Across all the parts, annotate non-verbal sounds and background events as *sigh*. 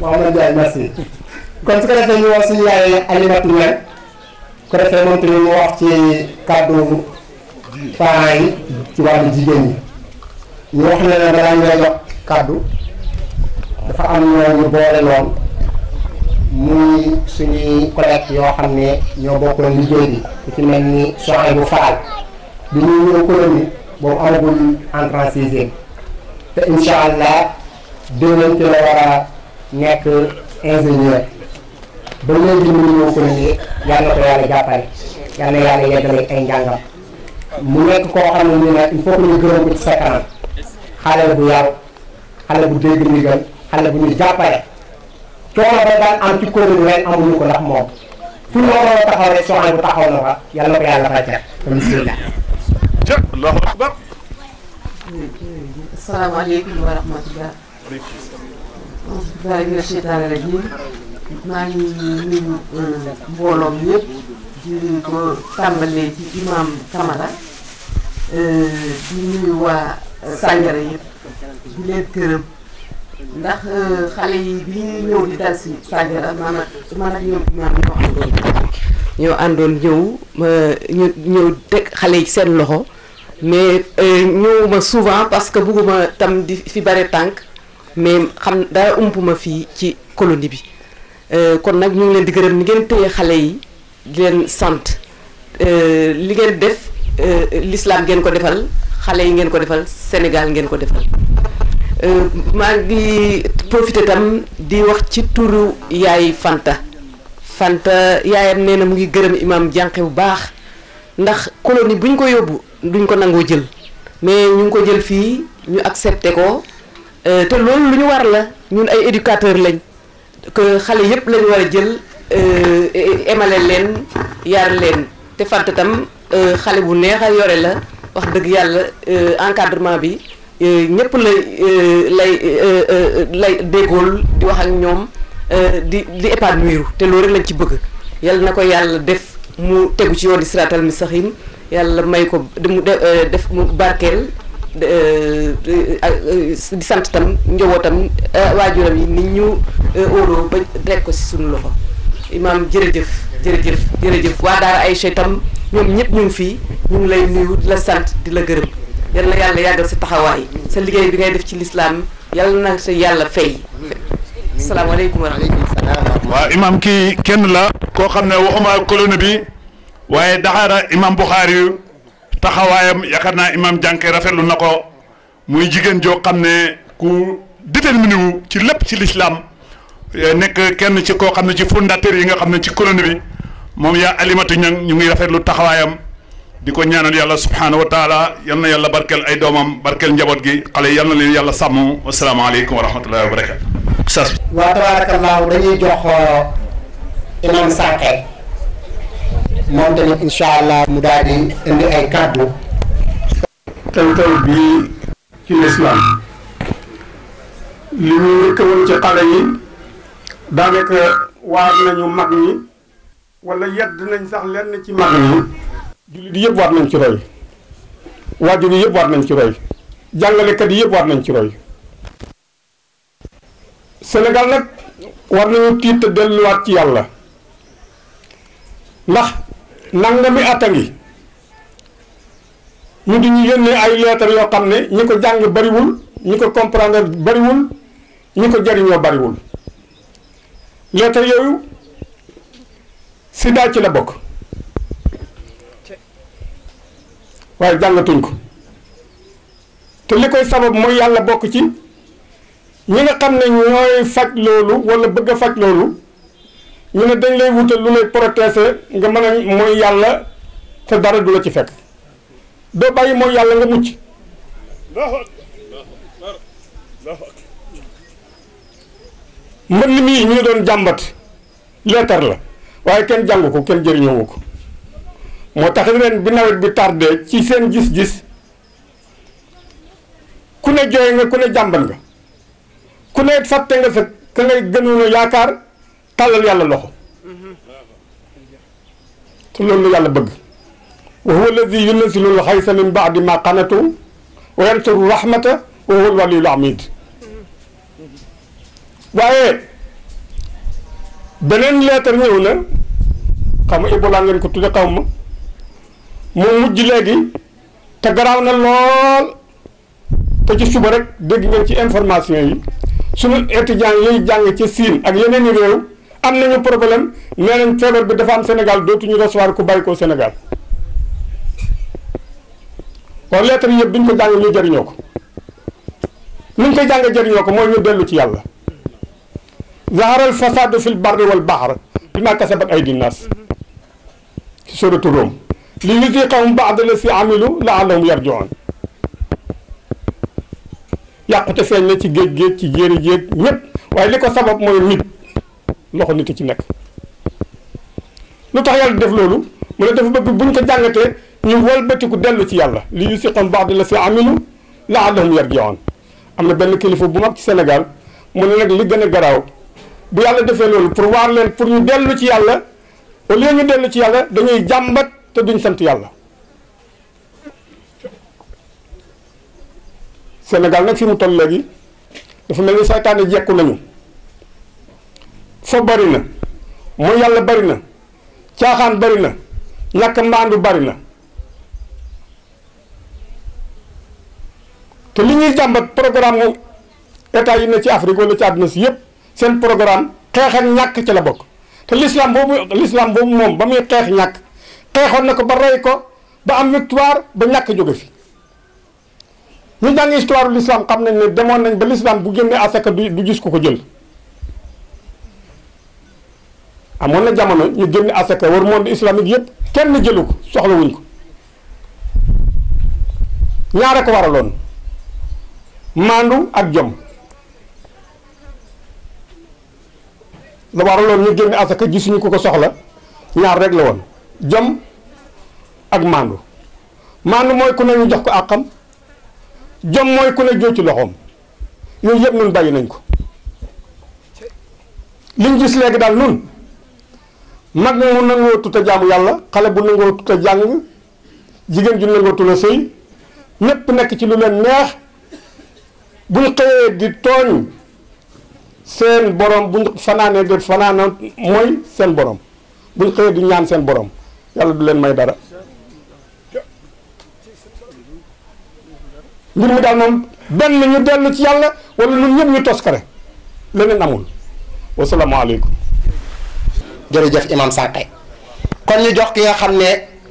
Mouhamed Ndiaye merci kon su ko defee ñu woo suñu yaay Alimatu Ñaŋ ko defee moom tamit mu wax ci kàddu parents yi ci wàllu jigéen ñi ñu wax ne ne balaa ñu lay jox kàddu dafa am ñooñu boole loon muy suñuy collègue yoo xam ne ñoo bokkoon liggéey bi ku ci mel ni soxna bu faal bi ñuy ñëw colonie boobu amagul entrant sixième te incha allah déwén ci war nekk ingénieur ba léegi mu ngi ñëw kuréel yal na ko yàlla jàppale yal na yàlla yeggale ay njàngam mu nekk koo xam ñu ne il faut que ñu gërëm ko ci sa kanam xale bu yàlla xale bu dégg ndigal xale bu ñu jàppale coono ba daan am ci kuréel ren amuñu ko ndax moom fu mu waroon taxaw rek bu taxaw na fa yal na allahu akbar. wa rahmatullah. maa ngi nuyu euh, mbooloom yëpp di ko tàmbalee ci imam Camara euh, di nuyu waa Sandiara yëpp di leen gërëm ndax euh, xale yi bi ñuy ñëw di dal si Sandiara man ak man ak ñoom imam ñoo àndoon ñoo àndoon ñëw ñëw teg xale yi seen loxo mais ñëwuma souvent parce que bëgguma tam di fi bare tànk mais xam dara umpuma fii ci colonie bi euh, kon nag ñu ngi leen di gërëm ni ngeen téye xale yi di leen sant euh, li ngeen def euh, l'islam ngeen ko defal xale yi ngeen ko defal Sénégal ngeen ko defal maa ngi profité tam di wax ci turu yaay Fanta Fanta yaayam nee na mu ngi gërëm imam jànqe bu baax ndax colonie buñ ko yóbbu duñ ko nangoo jël mais ñu ngi ko jël fii ñu accepté ko Euh, te loolu lu ñu war la ñun ay éducateur lañ que xale yépp lañu war a jël euh, e-, emale leen yar leen te fàtte tam euh, xale bu neex a yore la wax dëgg yàlla encadrement bi ñépp la lay lay déggool di wax ak ñoom di di épanouir te loolu lañ ci bëgg yàlla na ko yàlla def mu tegu ci yoon di siraatal mistaxin yàlla may ko mu def mu barkeel di sant tam njabootam eh, waajuram yi nit ñu eh, óoloo ba rek ko si suñu loxo imaam jërëjëf jërëjëf jërëjëf waa daara Aïcha itam ñoom ñëpp ñu ngi fii ñu lay nuyu la sant di la gërëm yal na yàlla yàggal si taxawaay sa liggéey bi ngay def ci lislaam yàlla na sa yàlla fay salaamaaleykum wa rahmatulah waaw imaam kii kenn la koo xam ne waxuma colonie bi waaye daxaara imaam Buxaari taxawayam yakarna imam jànke rafetlu nako muy jigen jo ku déterminé wu ci lepp ci l'islam eh, nek kenn ci ko xam ne ci fondateur yi nga xam ne ci colonie bi mom ya alimatu ñang ñu ngi rafetlu taxawayam diko ñaanal yalla subhanahu wa taala yalla yalla barkel ay domam barkel njabot gi xale alaykum wa rahmatullahi wa barakatuh wa tabarakallah dañuy jox eh, imam sakay moom tamit incha allah mu daal di indi ay kàddu. tey bii ci lislaam li ñu njëkk woon ci xale yi daanaka waar nañu mag ñi wala yedd nañ sax lenn ci mag ñi. jullit yëpp war nañ ci roy waajur yëpp war nañ ci roy jàngalekat yëpp war nañ ci roy Sénégal nag war nañu tiit te delluwaat ci yàlla ndax nangami mi a ngi ñu di ñu yónnee ay leetar yoo xam ne ñi ko jàng bariwul ñi ko comprendre bariwul ñi ko jariñoo bariwul leetar yooyu sida ci la bokk waaye jàngatuñ ko te li koy sabab mooy yàlla bokk ci ñi nga xam ne ñooy faj loolu walla bëgg a faj loolu ñu ne dañ lay wutal lu lay protéger nga mën a mooy yàlla te dara du la ci fekk doo bàyyi mooy yàlla nga mucc mbënn mii ñu doon jàmbat leetar la waaye kenn jàng ko kenn jëriñoowu ko moo tax ren bi nawet bi tardé ci seen gis-gis ku ne jooy nga ku ne jàmbat nga ku ne fàtte nga sa ka ngay gënoon yaakaar tàllal yàlla loxo te loolu yàlla bëgg wa huwa alladi yunazzilu lxaysa min baadi ma qanatu wa yansuru rahmata wa huwa alwaliyul hamid waaye beneen leetar ñëw na xam nga Ebola ngeen ko tudde xaw ma mu mujj léegi te na lool te ci suba rek ci information yi sunu étudiants yooyu jàng ci siin ak yeneen i am nañu problème nee nañ feebar bi dafa am Sénégal dootuñu recevoir ku bàyyi ko Sénégal kon lettre yëpp duñ ko jàng ñu jëriñoo ko luñ ko jàng jëriñoo ko mooy ñu dellu ci yàlla zaharal fasadu fil barri wal bahar bima kasabat aydi nas ci suratu Rum li yuziqahum ba'da lasi amilu la'allahum yarji'un yàqute feeñ na ci géej géej ci jéeri jéeg ñépp waaye li ko sabab mooy nit loxo nit ci nekk lu tax yàlla def loolu mu ne dafa bëgg buñ ko jàngatee ñu ko dellu ci yàlla li ñu siqoon baax di la si aminu laallahum yarji'un am na benn kilifa bu mag ci senegal mu ne nag li gën a garaaw bu yàlla defee loolu pour waar leen pour ñu dellu ci yàlla au lieu dellu ci yàlla dañuy jàmbat te duñ sant yàlla senegal nag fi mu toll léegi dafa mel ni saytaane jekku nañu fo bari na mooy yàlla bari na caaxaan bari na ñàkk maandu bari na te li ñuy jàmbat programme mu yi ne ci Afrique wala ci àdduna si yépp seen programme xeex ñàkk ci la bokk te l'islam boobu l'islam boobu moom ba muy xeex ñàkk xeexoon na ko ba rey ko ba am victoire ba ñàkk jóge fi ñu jàng histoire l'islam xam nañ ne demoon nañ ba l'islam bu génnee asaka du gis ko ko jël amoon na jamono ñu génne asaka war monde islamique yëpp kenn jëlu ko soxlawuñ ko ñaara ak waraloon maandu ak jom la waraloon ñu génne asaka gisuñu ko ko soxla ñaar rek la woon jom ak maandu maandu mooy ku ne ñu jox ko àqam jom mooy ku ne jóoci loxoom yooyu yëpp nun bàyyi nañ ko liñ gis léegi daal nun mag mu nangoo tuta jaamu yàlla xale bu nangoo tuta jàng jigéen ju nangoo tuta sëy ñépp nekk ci lu leen neex buñ xëyee di tooñ seen borom buñ fanaanee di fanaana mooy seen borom buñ xëyee di ñaan seen borom yàlla du leen may dara mbir mi daal moom benn ñu dellu ci yàlla wala ñun ñëpp ñu toskare leneen amul wasalaamualeykum jërëjëf imam Sankhé kon ñu jox ki nga xamne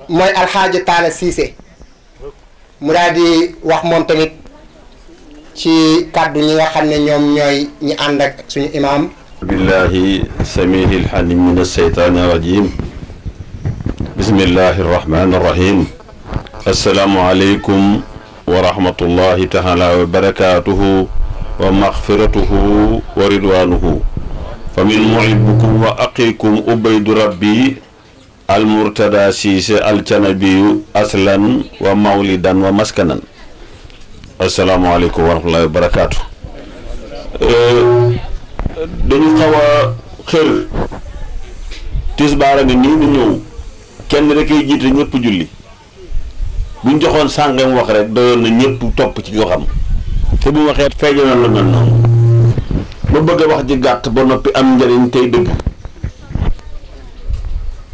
moy mooy alxaaji Taala Siise mu daal wax mom tamit ci kàddu ñi nga xamne ñom ñoy ñi ànd ak suñu imam billahi samihi alxalim min alseytaani arrajim bismillahi arrahmani arrahim assalaamu aleykum wa rahmatullahi taala wa barakatuhu wa maxfiratuhu Alamini muhibbukum wa akei kou oboi al murtada si se al tana biu asalamu wa mauli dan wa maskana. Asalamu barakatuh. kou wa khulay barakatu. *hesitation* Doni khawak khel, tis barak nenyi binou, kenereke gi drenye pujuli. Binjokon sanggeng wa khel do nenyi pu tok pu tigokam. Kebi wa khel feyel nan ma bëgg wax ji gàtt ba noppi am njëriñ tey dëgg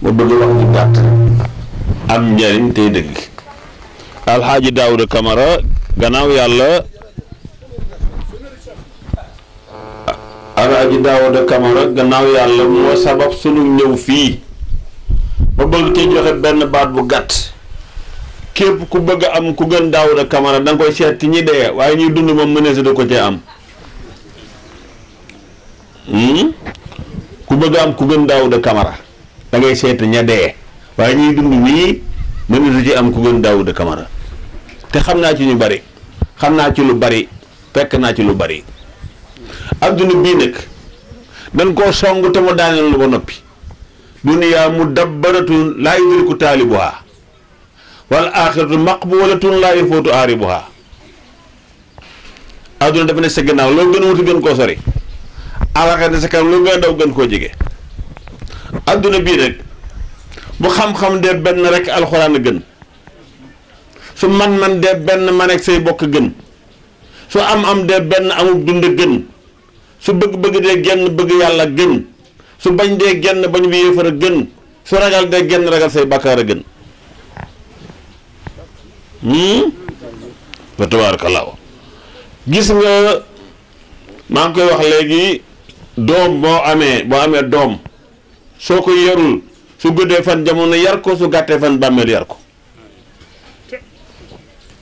ma bëgg wax ji gàtt am njëriñ tey dëgg alxaaji daawuda kamara gannaaw yàlla alxaaji daawuda kamara gannaaw yàlla moo sabab sunu ñëw fii ma bëgg ci joxe benn baat bu gàtt képp ku bëgg am ku gën daawuda kamara danga koy seet ci ñi dee waaye ñuy dund moom mënees da ko cee am Hmm? ku bëgg am ku gën Daouda Camara da ngay seet ña dee waaye ñuy dund nii mënatu ci am ku gën Daouda Camara te xam naa ci ñu bari xam naa ci lu bari fekk naa ci lu bari adduna bii nag dan koo song te mu daaneel lu ba noppi duniyaa mu dabbaratun laa yudriku taalibuha wal axiratu maqbulatun laa yafootu aaribuha adduna dafa ne sa gannaaw loolu gën a wuti gën koo sori alaxane sa kanam lu nga daw gën ko jige aduna bi rek bu xam-xam de ben rek alxuraan gën su man-man de ben man ak say bok gën su am-am de ben amu dund gën su bëgg-bëgg de genn bëgg yalla gën su bañ de genn bañ wi gën su ragal de genn ragal say bakara gën wa hmm? gis nga koy wax legi doom boo amee boo amee doom soo ko yarul su guddee fan jamono yar ko su gàttee fan bàmmeel yar ko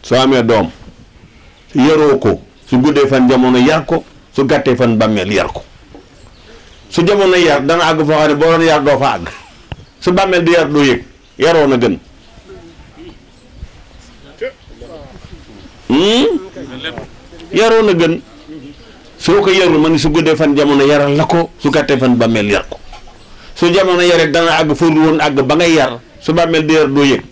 soo amee doom su yaroo ko jamono yar ko su gàttee fan bàmmeel yar ko su jamono yar dana àgg foo xam ne boo doon yar doo fa àgg su bàmmeel di yar doo yëg yaroo na gën hmm? yaroo na gën soo ko yërul man su gude fan jamono yaral lako su gàttee fan bamel yar ko su jamono yare dana ag fóorlu won ag ba ngay yar su bamel di yar do yek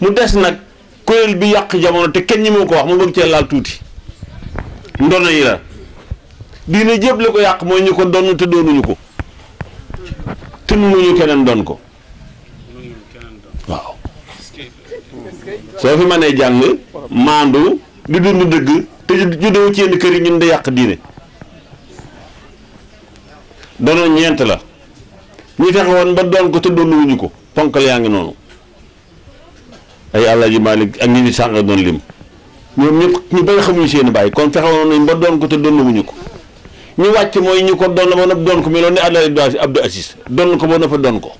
mu dess nak koel bi yak jamono te kenn ni moko wax mu bëgg ci laal tuti ndono yi la dina jëb liko ko yàq ñu ko te ko te ñu kenen don ko waaw so fi mané jang mandu di dund dëgg te juddoo ci yenn kër yi ñun di yàq diine dono ñeent la ñi fexe woon ba doon ko te doonluwuñu ko ponkal yaa ngi noonu ay Alaaji Maalik ak ñi ñu sànq doon lim ñoom ñëpp ñu bëri xamuñu seen bàyyi kon fexe woon nañ ba doon ko te doonluwuñu ko ñu wàcc mooy ñu ko doon ba nopp don ko meloon ne Alaaji Abdou Aziz doon ko ba nopp doon ko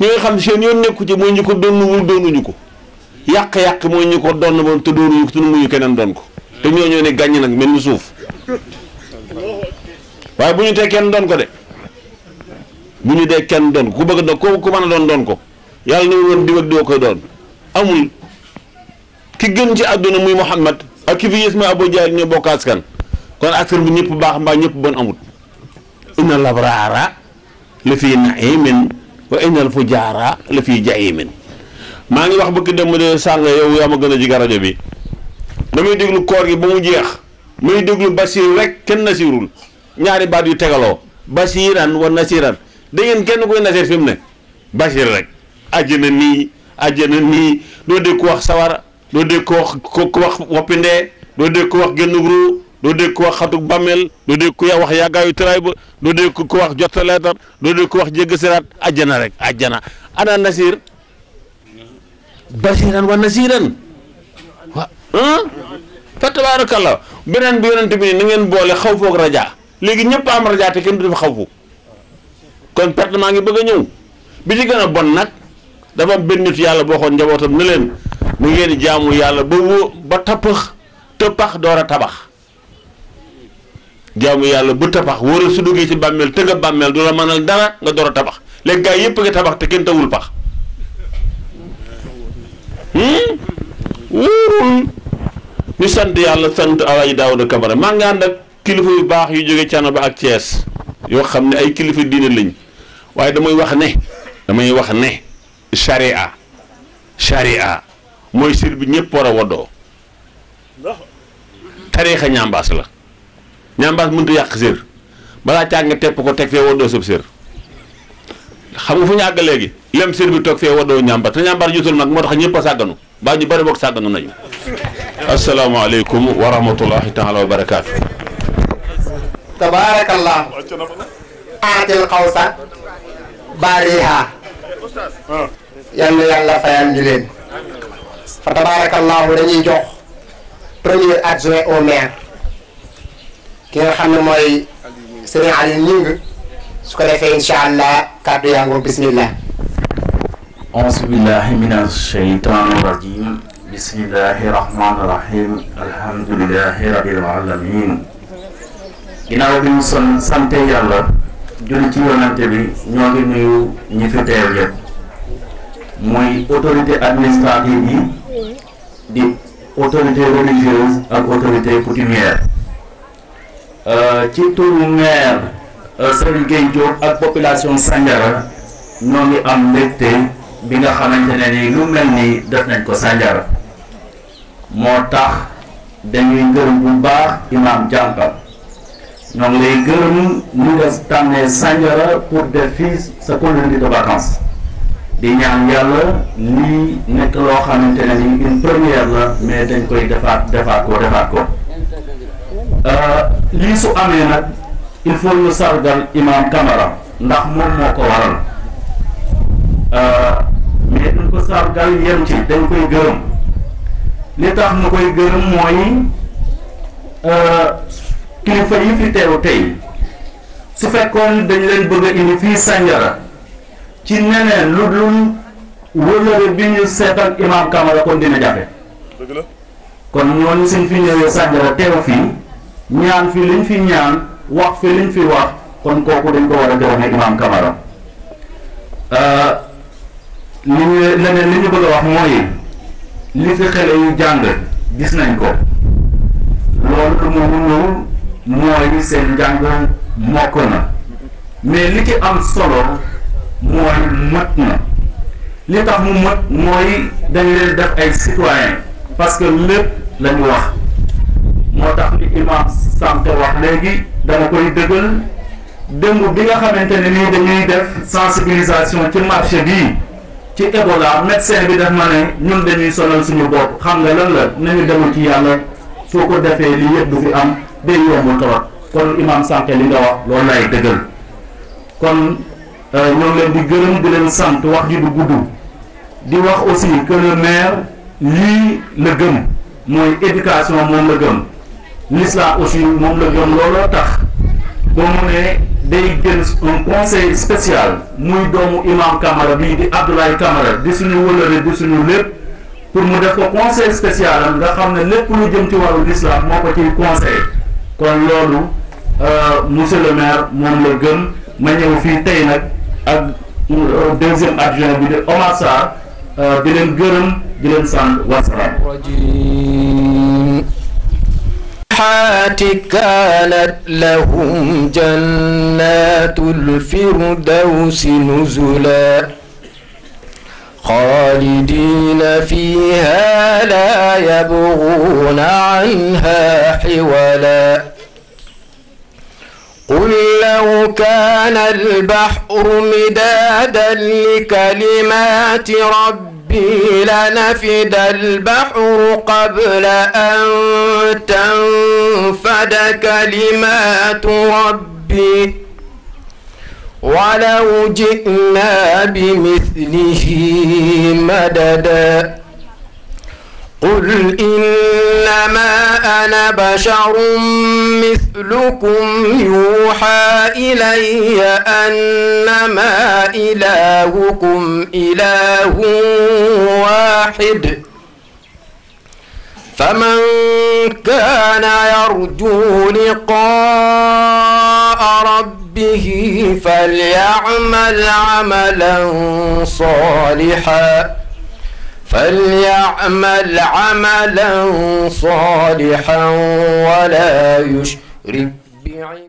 ñi nga xam seen yoon nekku ci mooy ñu ko doonluwul doonuñu ko yàq-yàq mooy ñu ko doon moom te doonuñu ko te nu keneen doon ko te ñoo ñoo ne gàññ nag mel ni suuf waaye bu ñu tee kenn doon ko de bu ñu dee kenn doon ko ku bëgg doon ku ku mën a doon ko yàlla na woon di wëg koy doon amul ki gën ci àdduna muy Muhammad ak ki fi yées ma Abu Jahl ñoo bokk askan kon askan bi ñëpp baax mbaa ñëpp bon amut inna labraara la fi naimin wa innal fujaara la fii jaimin maa ngi wax bëgg dem de sàng yow yaa ma gën a jiga rajo bi damay déglu koor gi ba mu jeex muy déglu basiir rek kenn nasiirul ñaari baat yu tegaloo basiiran wa nasiiran da ngeen kenn koy nasiir fi mu ne basiir rek àjjana nii àjjana nii doo dégg ko wax sawara doo dégg ko wax ko wax doo dégg ko wax génn ruu doo dégg ko wax xatuk bàmmeel doo dégg ko wax yàggaayu tëraay ba doo dégg ko wax jot leetar doo dégg ko wax jégg siraat rek àjjana ana nasiir basiran wa nasiran fa tabarakallah benen bi yonent bi ne na ngeen bolé xawfo ak raja léegi ñepp am raja te kenn du def kon perte ma ngi bëgg ñew bi ci gëna bon nak dafa am benn nit yalla bo xon njabootam ne len ni ngeen jaamu yalla ba ba tapax te pax doora tabax jaamu yalla bu tapax wara su duggé ci bammel te bammel dula manal dara nga doora tabax gaay yépp nga tabax te kenn tawul pax wóorul ñu sant yàlla sant Alaaji Daawuda Kamara maa ngi ànd ak kilifa yu baax yu jóge Thiénaba ak Thiès yoo xam ne ay kilifa diine lañ waaye damay wax ne damay wax ne charia charia mooy sir bi ñëpp war a woddoo tariixa ñambaas la ñambaas mënut a yàq sir balaa càag nga tepp ko teg fee woddoo sab sir xam nga fu ñu àgg léegi lem sër toog fee waddoo ñàmbar te ñàmbar jotul nag moo tax ñëpp a sàgganu baa ñu bari boog sàgganu nañu asalaamaaleykum wa rahmatullahi taala wa barakaatu tabaarakallah aatil xawsa baariha yal na yàlla fayal ñu leen fa tabaarakallahu dañuy jox premier adjoint au maire ki xam ne mooy Serigne Aliou Ning su ko defee incha allah kàddu yaa ngoog bismillah أعوذ بالله من الشيطان الرجيم بسم الله الرحمن الرحيم الحمد لله رب العالمين ginnaaw bi yàlla julli ci yonante bi ñoo ngi nuyu ñi fi teew yëpp muy autorité administrative yi di autorité religieuse ak autorité coutumière euh, ci turu maire euh, Serigne Gueye ak population Sandiara ñoo ngi am mbégte bi nga xamantene ni lu mel ni def eh, nañ ko sanjar moo tax dañuy gërëm bu baax imam jànkal ñoo lay gërëm ñu def tànnee sànjara pour def fii sa colonie de vacances di ñaan yàlla lii nekk loo xamantene ni une première la mais dañ koy defaat defaat ko defaat ko lii su amee nag il faut ñu sargal imam Camara ndax moom moo ko waral eh, ko gal yem ci dañ koy gërëm li tax nu koy gërëm mooy euh, kilifa yi fi teew tey su fekkoon dañ leen bëgg a indi fii Sandiara ci neneen lu dul bi ñu seet ak Kamara kon dina jafe kon ñooñu suñ fi ñëwee Sandiara teew fii ñaan fi liñ fi ñaan wax fi liñ fi wax kon kooku dañ ko war a gërëmee imaam Kamara euh, li ñu leneen li ñu bëgg a wax mooy li fi xale yu jàng gis nañ ko loolu mu mënul mooy seen njàng mokk na mais li ci am solo mooy mat na li tax mu mat mooy dañ def ay citoyen parce que lépp la wax moo tax li imam sànq wax léegi dama koy dëggal démb bi nga xamante ne nii dañuy def sensibilisation ci marché bii ci Ebola médecin bi daf ma ne ñun dañuy sonal suñu bopp xam nga lan la nañu demul ci yàlla soo ko defee li yëpp du fi am day yomb trop kon imam Sànke li nga wax loolu lay dëggal kon euh, ñoo leen di gërëm di leen sant wax ji du gudd di wax aussi que le maire lii la gëm mooy éducation moom la gëm l'islam aussi moom la gëm looloo tax ba mu ne day gën un conseil spécial muy doomu imam Camara bii di Abdoulaye Camara di suñu wëlëre di suñu lépp pour mu def ko conseil spécial am nga xam ne lépp lu jëm ci wàllu l'islam moo ko conseil kon loolu euh, monsieur le maire moom la gëm ma ñëw fii tey nag ak euh, deuxième adjoint bi di Omar Sarr euh, di leen gërëm di leen sant wasalaam الصالحات كانت لهم جنات الفردوس نزلا خالدين فيها لا يبغون عنها حولا قل لو كان البحر مدادا لكلمات رب ربي لنفد البحر قبل أن تنفد كلمات ربي ولو جئنا بمثله مددا قل إنما أنا بشر مثلكم يوحى إلي أنما إلهكم إله واحد فمن كان يرجو لقاء ربه فليعمل عملا صالحا فليعمل عملا صالحا ولا يشرك بعبادة